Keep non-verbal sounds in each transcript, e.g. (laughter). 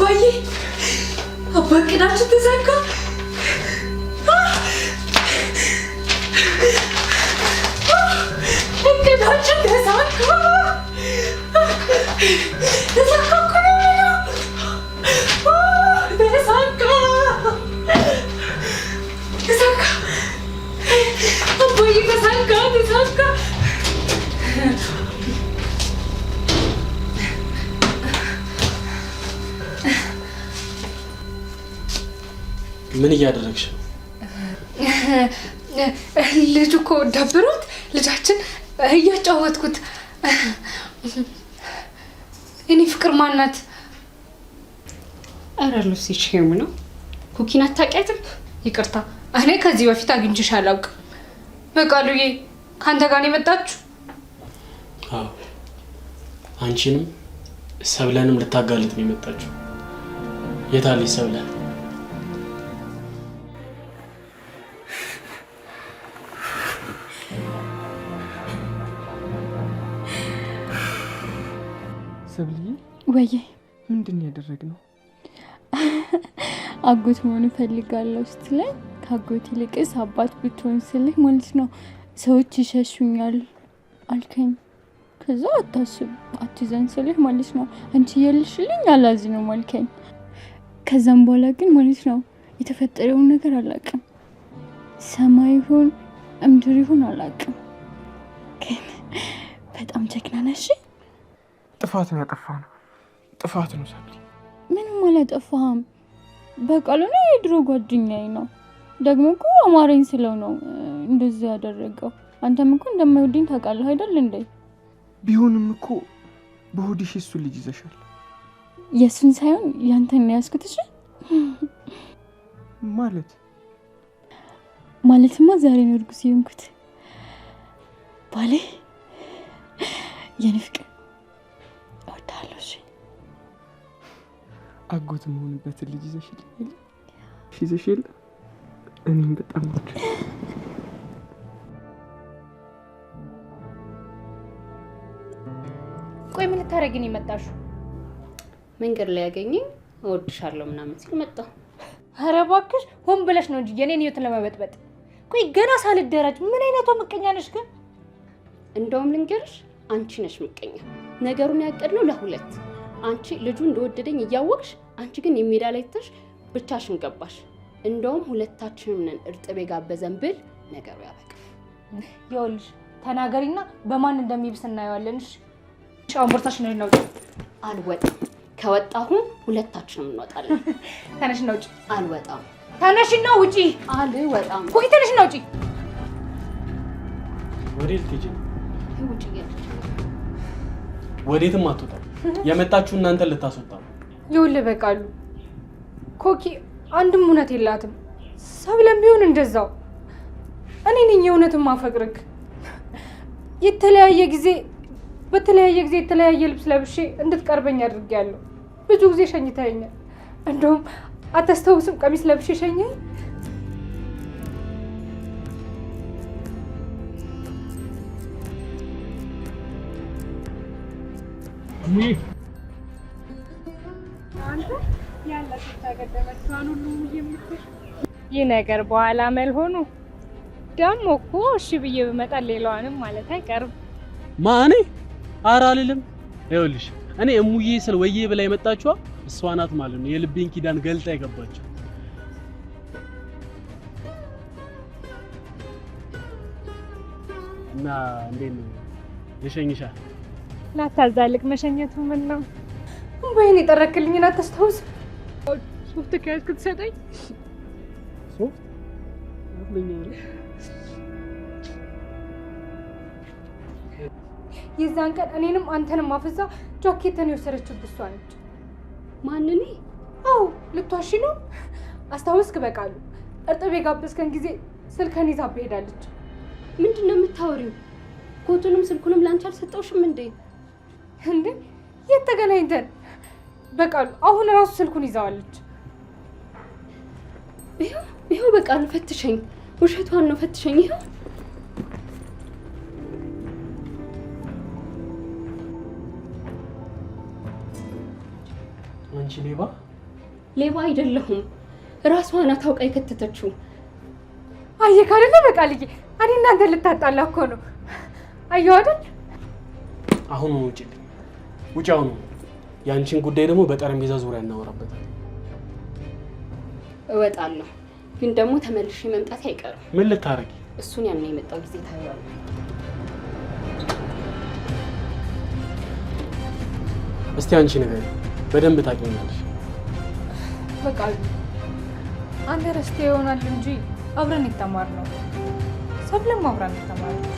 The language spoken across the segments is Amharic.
አባዬ አባ እቅዳችን ተዘጋ። እቅዳችን ተዘጋ። ምን እያደረግሽ ነው? ልጁ እኮ ደብሮት ልጃችን እያጫወትኩት። እኔ ፍቅር ማናት? ኧረ ሉሲ ሼም ነው። ኩኪን አታውቂያትም? ይቅርታ እኔ ከዚህ በፊት አግኝቼሽ አላውቅም። በቃሉዬ ከአንተ ጋር ነው የመጣችሁ? አዎ አንቺንም ሰብለንም ልታጋልጥ ነው የመጣችሁ። የታለች ሰብለን? አበዬ ምንድን ያደረግ ነው? (laughs) አጎት መሆን እፈልጋለሁ ስትለኝ ከአጎት ይልቅስ አባት ብትሆን ስልህ ማለት ነው ሰዎች ይሸሹኛል አልከኝ። ከዛ አታስብ አትዘን ስልህ ማለት ነው አንቺ የልሽልኝ አላዚ ነው አልከኝ። ከዛም በኋላ ግን ማለት ነው የተፈጠረውን ነገር አላቅም። ሰማይ ይሁን እምድር ይሁን አላቅም፣ ግን በጣም ጀግና ነሽ። ጥፋትን ያጠፋ ነው ጥፋት ነው ሰብሊ። ምንም አላጠፋህም። ነው የድሮ ጓደኛዬ ነው። ደግሞ እኮ አማረኝ ስለው ነው እንደዚህ ያደረገው። አንተም እኮ እንደማይወድኝ ታውቃለህ አይደል እንዴ? ቢሆንም እኮ በሆድሽ እሱ ልጅ ይዘሻል። የእሱን ሳይሆን ያንተን ነው ያስኩትሽ። ማለት ማለትማ ዛሬ ነው እርጉዝ የሆንኩት ባሌ የንፍቅ አጎት መሆንበትን ልጅ ይዘሽል ይዘሽል። እኔም በጣም ናቸው ቆይ ምን ልታደርጊን መንገድ ላይ ያገኘኝ እወድሻለሁ ምናምን ሲል መጣሁ። አረ እባክሽ ሆን ብለሽ ነው እንጂ የኔን ህይወትን ለመበጥበጥ። ቆይ ገና ሳልደራጅ ምን አይነቷ ምቀኛ ነሽ ግን? እንደውም ልንገርሽ፣ አንቺ ነሽ ምቀኛ። ነገሩን ያቀድነው ለሁለት አንቺ ልጁ እንደወደደኝ እያወቅሽ አንቺ ግን የሜዳ ላይ ትተሽ ብቻሽን ገባሽ። እንደውም ሁለታችንም ነን እርጥብ የጋበዘን ብል ነገሩ ያበቃል። ይኸውልሽ ተናገሪና በማን እንደሚብስ እናየዋለንሽ። አሁን ቦርሳሽን እናውጭ። አልወጣም። ከወጣሁም ሁለታችንም እንወጣለን። (laughs) ተነሽ እናውጭ። አልወጣም። ተነሽ እና ውጪ። አልወጣም። ኮኪ ተነሽ እና ውጪ። ወዴት ልትሄጂ? ውጪ። ወዴትም አትወጣም። የመጣችሁ እናንተን ልታስወጣ ይኸውልህ በቃሉ ኮኪ አንድም እውነት የላትም። ሰብለም ቢሆን እንደዛው። እኔ ነኝ የእውነትም ማፈቅርክ የተለያየ ጊዜ በተለያየ ጊዜ የተለያየ ልብስ ለብሼ እንድትቀርበኝ አድርጌያለሁ። ብዙ ጊዜ ሸኝተኸኛል። እንደውም አታስታውስም? ቀሚስ ለብሼ ሸኘኝ። ይህ ነገር በኋላ መልሆኑ ደግሞ እኮ እሺ ብዬ ብመጣ ሌላዋንም ማለት አይቀርም። ማኔ ኧረ አልልም። ይኸውልሽ እኔ እሙዬ ስል ወዬ ብላ የመጣችዋ እሷ ናት ማለት ነው። የልቤን ኪዳን ገልጣ የገባችው እና እንዴት ነው የሸኝሻል? ላታዛልቅ መሸኘቱ ምን ነው? ወይኔ የጠረክልኝን አታስታውስ። ሶፍት ከያዝክ ትሰጠኝ። ሶፍት የዛን ቀን እኔንም አንተንም አፍዛ ጃኬትን የወሰደችው እሷ ነች። ማንን? አዎ ልቷሽ ነው። አስታውስክ? በቃሉ እርጥብ የጋበዝከን ጊዜ ስልከን ይዛ ሄዳለች። ምንድን ነው የምታወሪው? ኮቱንም ስልኩንም ላንቺ አልሰጠውሽም እንዴ? እንዴ የት ተገናኝተን በቃሉ አሁን እራሱ ስልኩን ይዘዋለች። ይኸው ይኸው በቃሉ ፈትሸኝ፣ ውሸቷን ነው ፈትሸኝ። ይኸው አንቺ ሌባ ሌባ አይደለሁም፣ እራሷ ናት አውቃ የከተተችው። አየህ አይደለ በቃልዬ፣ እኔ እናንተ ልታጣላ እኮ ነው። አየሁ አይደል? አሁኑ ውጭ ውጭ፣ አሁኑ ያንቺን ጉዳይ ደግሞ በጠረጴዛ ዙሪያ እናወራበታል። እወጣለሁ፣ ግን ደግሞ ተመልሼ መምጣት አይቀርም። ምን ልታረጊ? እሱን ያን የመጣው ጊዜ ታየዋለህ። እስቲ አንቺ ነገር በደንብ ታውቂኛለሽ። በቃ አንተ ረስቴ ይሆናል እንጂ አብረን የተማርነው ሰብለም አብረን የተማርነው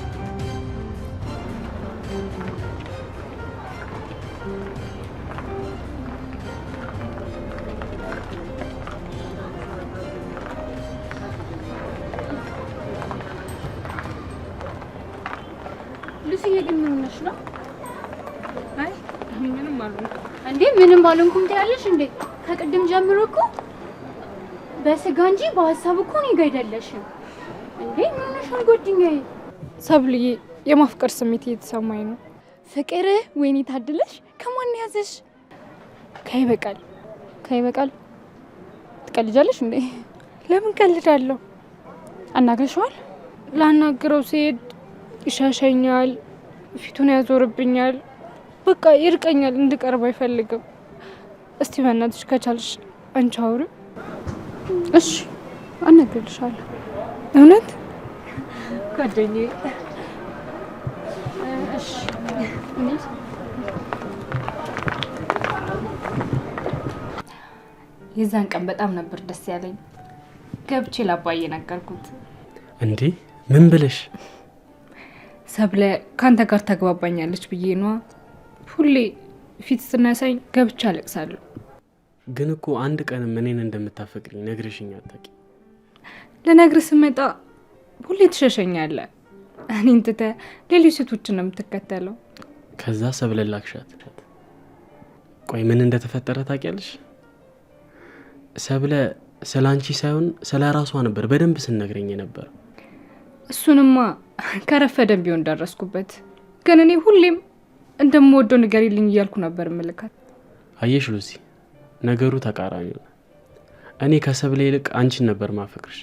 ምንም አልሆንኩም ትያለሽ እንዴ? ከቅድም ጀምሮ እኮ በስጋ እንጂ በሀሳብ እኮ እኔ ጋር አይደለሽም እንዴ? ምን ሆነሻል ጓደኛዬ? ሰብልዬ የማፍቀር ስሜት እየተሰማኝ ነው። ፍቅር ወይኔ ታድለሽ። ከማን ያዘሽ? ከይበቃል ከይበቃል። ትቀልጃለሽ እንዴ? ለምን ቀልዳለሁ? አናግረሽዋል? ላናግረው ሲሄድ ይሻሸኛል፣ ፊቱን ያዞርብኛል፣ በቃ ይርቀኛል፣ እንድቀርብ አይፈልግም። እስቲ በእናትሽ ከቻልሽ አንቺ አውሪ። እሺ አነግርልሻለሁ። እውነት ጓደኛዬ። እሺ የዛን ቀን በጣም ነበር ደስ ያለኝ። ገብቼ ላባዬ ነገርኩት። እንዴ ምን ብለሽ? ሰብለ ከአንተ ጋር ተግባባኛለች ብዬ ነዋ ሁሌ ፊት ስናሳይ ገብቻ አለቅሳለሁ። ግን እኮ አንድ ቀንም እኔን እንደምታፈቅኝ ነግረሽኝ አታውቂም። ልነግርህ ስመጣ ሁሌ ትሸሸኛለህ። እኔን ትተህ ሌሎች ሴቶችን ነው የምትከተለው። ከዛ ሰብለላክሻት። ቆይ ምን እንደተፈጠረ ታውቂያለሽ? ሰብለ ስለ አንቺ ሳይሆን ስለ ራሷ ነበር በደንብ ስነግረኝ ነበር። እሱንማ ከረፈደን ቢሆን ደረስኩበት። ግን እኔ ሁሌም እንደምወደው ንገሪልኝ እያልኩ ነበር ምልካት። አየሽ ሉሲ፣ ነገሩ ተቃራኒ ነው። እኔ ከሰብለ ይልቅ አንቺን ነበር ማፈቅርሽ፣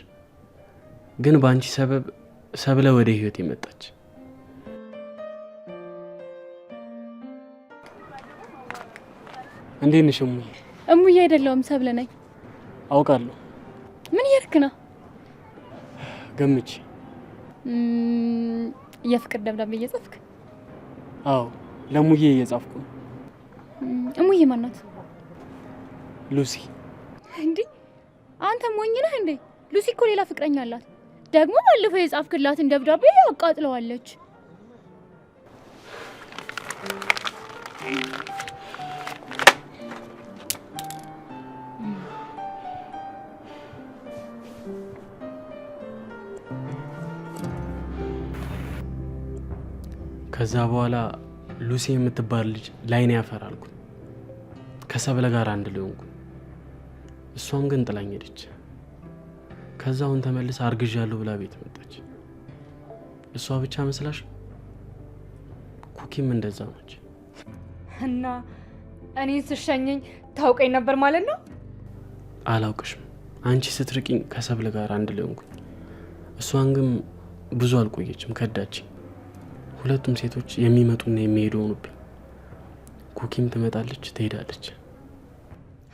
ግን በአንቺ ሰበብ ሰብለ ወደ ህይወት የመጣች እንዴት ነሽ እሙዬ? እሙዬ አይደለሁም ሰብለ ነኝ። አውቃለሁ። ምን እያልክ ነው? ገምቼ የፍቅር ደብዳቤ እየጻፍክ? አዎ ለሙዬ እየጻፍኩ ነው። እሙዬ ማናት? ሉሲ። እንዴ አንተ ሞኝ ነህ እንዴ? ሉሲ እኮ ሌላ ፍቅረኛ አላት። ደግሞ ባለፈው የጻፍክላትን ደብዳቤ አቃጥለዋለች። ከዛ በኋላ ሉሲ የምትባል ልጅ ላይን ያፈር አልኩኝ። ከሰብለ ጋር አንድ ሊሆንኩ እሷም ግን ጥላኝ ሄደች። ከዛውን ተመልስ ተመልሳ አርግዣለሁ ብላ ቤት መጣች። እሷ ብቻ መስላሽ? ኩኪም እንደዛ ነች። እና እኔን ስሸኘኝ ታውቀኝ ነበር ማለት ነው? አላውቅሽም። አንቺ ስትርቂኝ ከሰብለ ጋር አንድ ሊሆንኩኝ፣ እሷን ግን ብዙ አልቆየችም፣ ከዳችኝ። ሁለቱም ሴቶች የሚመጡና የሚሄዱ ሆኑብኝ። ኩኪም ትመጣለች፣ ትሄዳለች።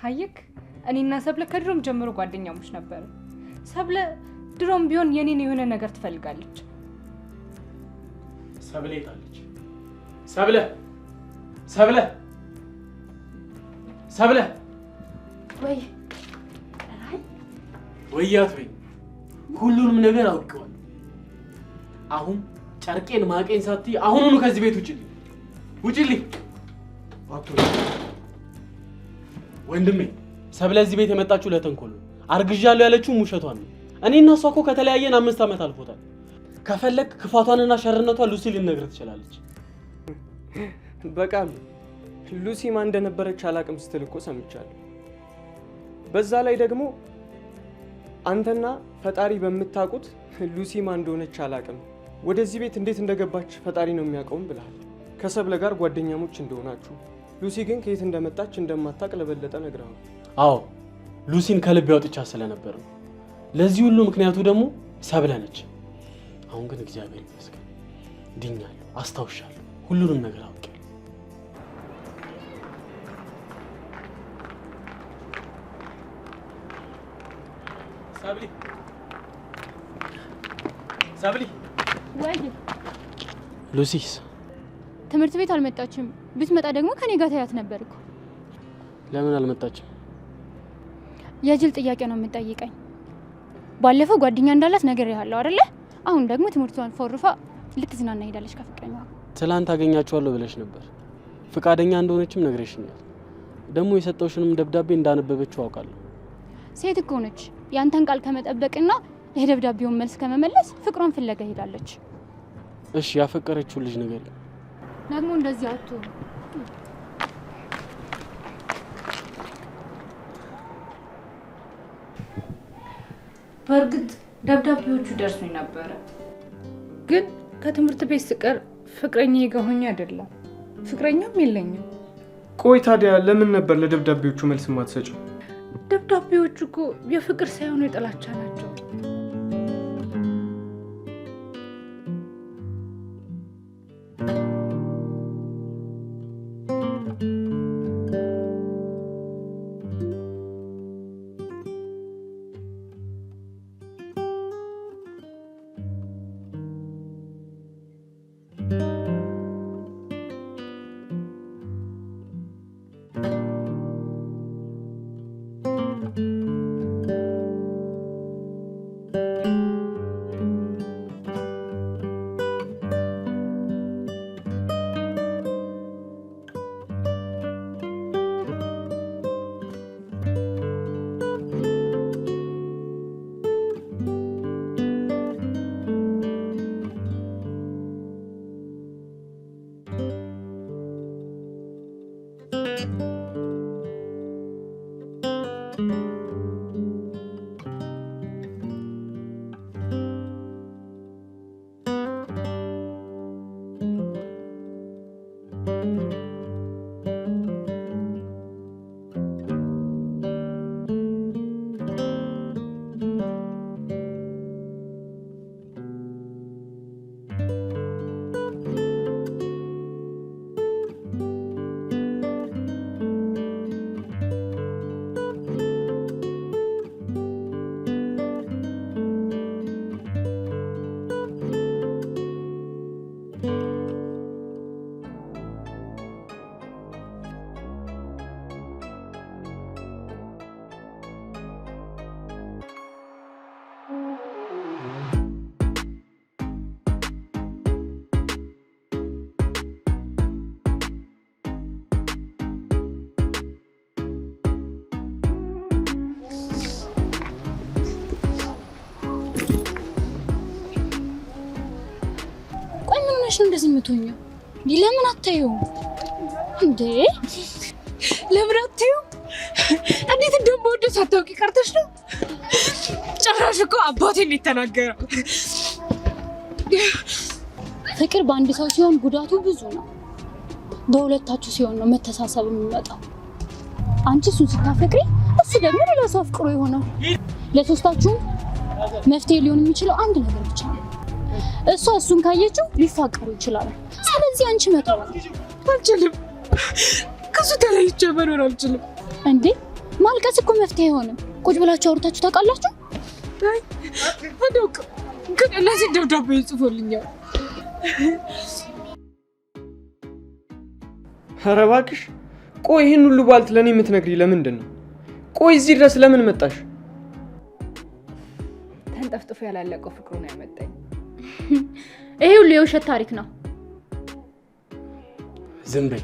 ሀይክ እኔና ሰብለ ከድሮም ጀምሮ ጓደኛሞች ነበር። ሰብለ ድሮም ቢሆን የኔን የሆነ ነገር ትፈልጋለች። ሰብለ የታለች? ሰብለ ሰብለ ሰብለ ወይ ወያት ወይ ሁሉንም ነገር አውቀዋል አሁን ጨርቄን ማቄን ሳቲ አሁኑኑ ከዚህ ቤት ውጭልኝ፣ ውጭልኝ። ወንድሜ ሰብለ እዚህ ቤት የመጣችሁ ለተንኮል ነው። አርግዣለሁ ያለችውም ውሸቷን ነው። እኔ እና እሷ እኮ ከተለያየን አምስት ዓመት አልፎታል። ከፈለግ ክፋቷንና ሸርነቷን ሉሲ ልነግርህ ትችላለች። በቃሉ ሉሲ ማን እንደነበረች አላቅም ስትል እኮ ሰምቻለሁ። በዛ ላይ ደግሞ አንተና ፈጣሪ በምታውቁት ሉሲ ማን እንደሆነች አላቅም ወደዚህ ቤት እንዴት እንደገባች ፈጣሪ ነው የሚያውቀውም ብለሃል። ከሰብለ ጋር ጓደኛሞች እንደሆናችሁ፣ ሉሲ ግን ከየት እንደመጣች እንደማታቅ ለበለጠ ነግረሃል። አዎ ሉሲን ከልብ ያውጥቻ ስለነበር ነው። ለዚህ ሁሉ ምክንያቱ ደግሞ ሰብለ ነች። አሁን ግን እግዚአብሔር ይመስገን ድኛለሁ፣ አስታውሻለሁ፣ ሁሉንም ነገር አውቅ ሰብሊ ሰብሊ ወይ ሉሲስ ትምህርት ቤት አልመጣችም። ብትመጣ ደግሞ ከኔ ጋር ታያት ነበር እኮ። ለምን አልመጣችም? የጅል ጥያቄ ነው የምጠይቀኝ። ባለፈው ጓደኛ እንዳላት ነገር ያለው አይደለ? አሁን ደግሞ ትምህርቷን ፎርፋ ልትዝናና ሄዳለች ከፍቅረኛዋ። ትላንት አገኛችኋለሁ ብለሽ ነበር። ፍቃደኛ እንደሆነችም ነግረሽኛል። ደግሞ የሰጠውሽንም ደብዳቤ እንዳነበበችው አውቃለሁ። ሴት እኮ ነች። ያንተን ቃል ከመጠበቅና የደብዳቤውን መልስ ከመመለስ ፍቅሯን ፍለጋ ሄዳለች። እሺ ያፈቀረችው ልጅ ነገር ደግሞ እንደዚህ አቶ በእርግጥ ደብዳቤዎቹ ደርሶኝ ነበረ፣ ግን ከትምህርት ቤት ስቀር ፍቅረኛ የገሆኝ አይደለም፣ ፍቅረኛም የለኝም። ቆይ ታዲያ ለምን ነበር ለደብዳቤዎቹ መልስ የማትሰጪው? ደብዳቤዎቹ እኮ የፍቅር ሳይሆኑ የጥላቻ ናቸው። ዝምቶኛው? እንዲህ ለምን አታየውም እንዴ? ለምን አታየውም? እንዴት እንደምወደው ሳታውቂ ቀርተሽ ነው። ጭራሽ እኮ አባቴ ነው የተናገረው። ፍቅር በአንድ ሰው ሲሆን ጉዳቱ ብዙ ነው። በሁለታችሁ ሲሆን ነው መተሳሰብ የሚመጣው። አንቺ እሱን ስታፈቅሪ፣ እሱ ደግሞ ሌላ ሰው አፍቅሮ የሆነው። ለሶስታችሁም መፍትሄ ሊሆን የሚችለው አንድ ነገር ብቻ ነው እሷ እሱን ካየችው ሊፋቀሩ ይችላሉ። ስለዚህ አንቺ መጠው አልችልም። ከሱ ተለይቼ መኖር አልችልም። እንዴ ማልቀስ እኮ መፍትሄ አይሆንም። ቁጭ ብላችሁ አውርታችሁ ታውቃላችሁ? አውቅ ግን ለዚህ ደብዳቤ ይጽፎልኛል። ኧረ እባክሽ ቆይ ይህን ሁሉ ባልት ለእኔ የምትነግሪ ለምንድን ነው? ቆይ እዚህ ድረስ ለምን መጣሽ? ተንጠፍጥፎ ያላለቀው ፍቅሩን አይመጣኝም? ይሄ ሁሉ የውሸት ታሪክ ነው። ዝም በይ።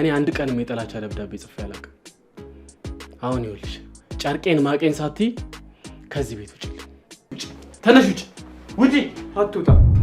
እኔ አንድ ቀንም የጠላቻ ደብዳቤ ጽፌ አላውቅም። አሁን ይኸውልሽ ጨርቄን ማቄን ሳትይ ከዚህ ቤት ውጭ፣ ተነሽ፣ ውጭ፣ ውጪ፣ አትውጣ